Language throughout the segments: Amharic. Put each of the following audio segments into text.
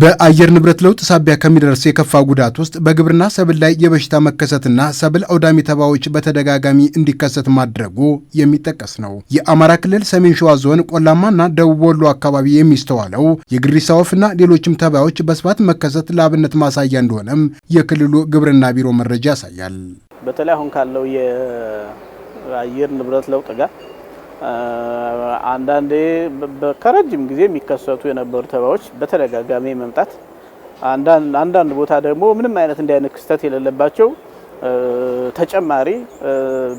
በአየር ንብረት ለውጥ ሳቢያ ከሚደርስ የከፋ ጉዳት ውስጥ በግብርና ሰብል ላይ የበሽታ መከሰትና ሰብል አውዳሚ ተባዮች በተደጋጋሚ እንዲከሰት ማድረጉ የሚጠቀስ ነው። የአማራ ክልል ሰሜን ሸዋ ዞን ቆላማና ደቡብ ወሎ አካባቢ የሚስተዋለው የግሪሳ ወፍና ሌሎችም ተባዮች በስፋት መከሰት ለአብነት ማሳያ እንደሆነም የክልሉ ግብርና ቢሮ መረጃ ያሳያል። በተለይ አሁን ካለው የአየር ንብረት ለውጥ ጋር አንዳንዴ ከረጅም ጊዜ የሚከሰቱ የነበሩ ተባዮች በተደጋጋሚ መምጣት፣ አንዳንድ ቦታ ደግሞ ምንም አይነት እንዲህ አይነት ክስተት የሌለባቸው ተጨማሪ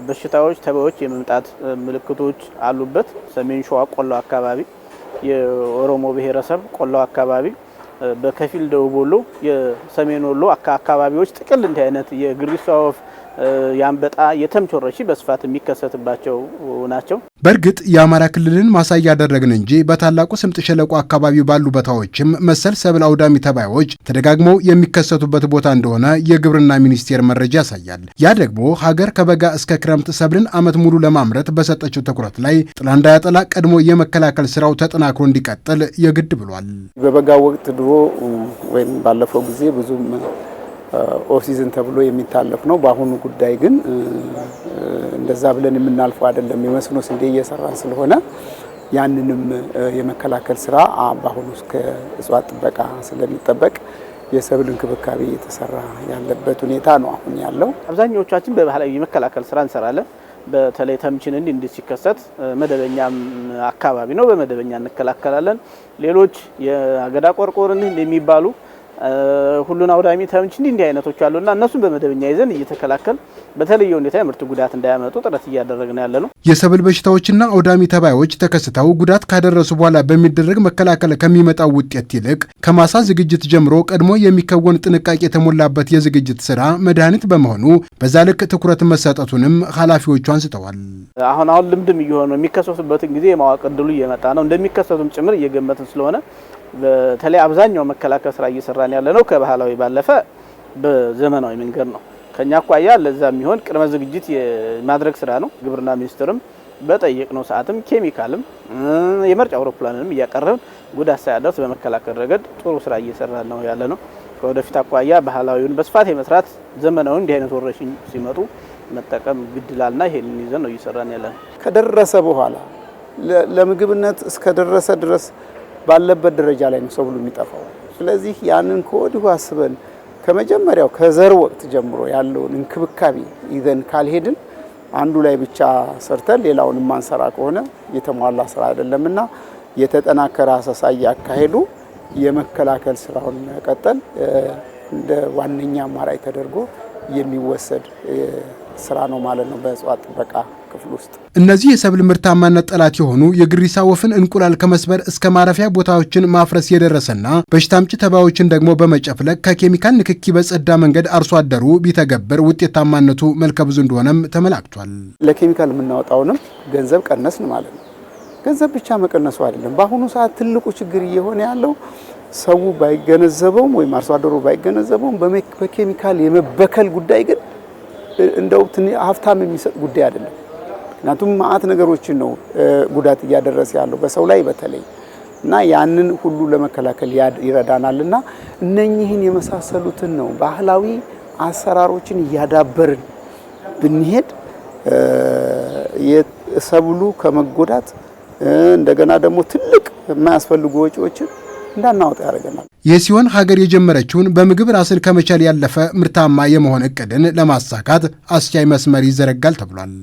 በሽታዎች ተባዮች የመምጣት ምልክቶች አሉበት። ሰሜን ሸዋ ቆሎ አካባቢ የኦሮሞ ብሔረሰብ ቆሎ አካባቢ በከፊል ደቡብ ወሎ፣ የሰሜን ወሎ አካባቢዎች ጥቅል እንዲህ አይነት የግሪሷ ወፍ የአንበጣ የተምች ወረርሽኝ በስፋት የሚከሰትባቸው ናቸው። በእርግጥ የአማራ ክልልን ማሳያ ያደረግን እንጂ በታላቁ ስምጥ ሸለቆ አካባቢ ባሉ ቦታዎችም መሰል ሰብል አውዳሚ ተባዮች ተደጋግመው የሚከሰቱበት ቦታ እንደሆነ የግብርና ሚኒስቴር መረጃ ያሳያል። ያ ደግሞ ሀገር ከበጋ እስከ ክረምት ሰብልን ዓመት ሙሉ ለማምረት በሰጠችው ትኩረት ላይ ጥላ እንዳያጠላ ቀድሞ የመከላከል ስራው ተጠናክሮ እንዲቀጥል የግድ ብሏል። በበጋ ወቅት ድሮ ወይም ባለፈው ጊዜ ብዙም ኦፍ ተብሎ የሚታለፍ ነው። በአሁኑ ጉዳይ ግን እንደዛ ብለን የምናልፈው አይደለም። የመስኖ ስንዴ እየሰራን ስለሆነ ያንንም የመከላከል ስራ በአሁኑ እስከ እጽዋት ጥበቃ ስለሚጠበቅ የሰብል እንክብካቤ እየተሰራ ያለበት ሁኔታ ነው አሁን ያለው። አብዛኛዎቻችን በባህላዊ የመከላከል ስራ እንሰራለን። በተለይ ተምችን እንዲ እንዲ ሲከሰት መደበኛም አካባቢ ነው፣ በመደበኛ እንከላከላለን። ሌሎች የአገዳ ቆርቆርን የሚባሉ ሁሉን አውዳሚ ተምች እንዲህ እንዲህ አይነቶች አሉና እነሱን በመደበኛ ይዘን እየተከላከል በተለየ ሁኔታ የምርት ጉዳት እንዳያመጡ ጥረት እያደረግን ያለ ነው። የሰብል በሽታዎችና አውዳሚ ተባዮች ተከስተው ጉዳት ካደረሱ በኋላ በሚደረግ መከላከል ከሚመጣው ውጤት ይልቅ ከማሳ ዝግጅት ጀምሮ ቀድሞ የሚከወን ጥንቃቄ የተሞላበት የዝግጅት ስራ መድኃኒት በመሆኑ በዛ ልክ ትኩረት መሰጠቱንም ኃላፊዎቹ አንስተዋል። አሁን አሁን ልምድም እየሆነ የሚከሰቱበትን ጊዜ የማወቅ እድሉ እየመጣ ነው። እንደሚከሰቱም ጭምር እየገመትን ስለሆነ በተለይ አብዛኛው መከላከል ስራ እየሰራን ያለ ነው ከባህላዊ ባለፈ በዘመናዊ መንገድ ነው። ከኛ አኳያ ለዛ የሚሆን ቅድመ ዝግጅት የማድረግ ስራ ነው። ግብርና ሚኒስቴርም በጠየቅነው ሰዓትም ኬሚካልም የመርጫ አውሮፕላንንም እያቀረብን ጉዳት ሳያደርስ በመከላከል ረገድ ጥሩ ስራ እየሰራ ነው ያለ ነው። ከወደፊት አኳያ ባህላዊውን በስፋት የመስራት ዘመናዊ እንዲህ አይነት ወረርሽኝ ሲመጡ መጠቀም ግድላልና ይሄንን ይዘን ነው እየሰራን ያለ ነው። ከደረሰ በኋላ ለምግብነት እስከደረሰ ድረስ ባለበት ደረጃ ላይ ነው ሰብሉ የሚጠፋው። ስለዚህ ያንን ከወዲሁ አስበን ከመጀመሪያው ከዘር ወቅት ጀምሮ ያለውን እንክብካቤ ይዘን ካልሄድን አንዱ ላይ ብቻ ሰርተን ሌላውን ማንሰራ ከሆነ የተሟላ ስራ አይደለምና የተጠናከረ አሰሳ እያካሄዱ የመከላከል ስራውን መቀጠል እንደ ዋነኛ አማራጭ ተደርጎ የሚወሰድ ስራ ነው ማለት ነው በእጽዋት ጥበቃ ክፍል ውስጥ። እነዚህ የሰብል ምርታማነት ጠላት የሆኑ የግሪሳ ወፍን እንቁላል ከመስበር እስከ ማረፊያ ቦታዎችን ማፍረስ የደረሰና በሽታምጭ ተባዮችን ደግሞ በመጨፍለቅ ከኬሚካል ንክኪ በጸዳ መንገድ አርሶ አደሩ ቢተገብር ውጤታማነቱ መልከ ብዙ እንደሆነም ተመላክቷል። ለኬሚካል የምናወጣውንም ገንዘብ ቀነስን ማለት ነው። ገንዘብ ብቻ መቀነሱ አይደለም። በአሁኑ ሰዓት ትልቁ ችግር እየሆነ ያለው ሰው ባይገነዘበውም ወይም አርሶ አደሩ ባይገነዘበውም በኬሚካል የመበከል ጉዳይ ግን እንደው ሀብታም የሚሰጥ ጉዳይ አይደለም። ምክንያቱም መዓት ነገሮችን ነው ጉዳት እያደረሰ ያለው በሰው ላይ በተለይ እና ያንን ሁሉ ለመከላከል ይረዳናል እና እነኚህን የመሳሰሉትን ነው ባህላዊ አሰራሮችን እያዳበርን ብንሄድ ሰብሉ ከመጎዳት እንደገና ደግሞ ትልቅ የማያስፈልጉ ወጪዎችን እንዳናወጣ ያደርገናል። ይህ ሲሆን ሀገር የጀመረችውን በምግብ ራስን ከመቻል ያለፈ ምርታማ የመሆን እቅድን ለማሳካት አስቻይ መስመር ይዘረጋል ተብሏል።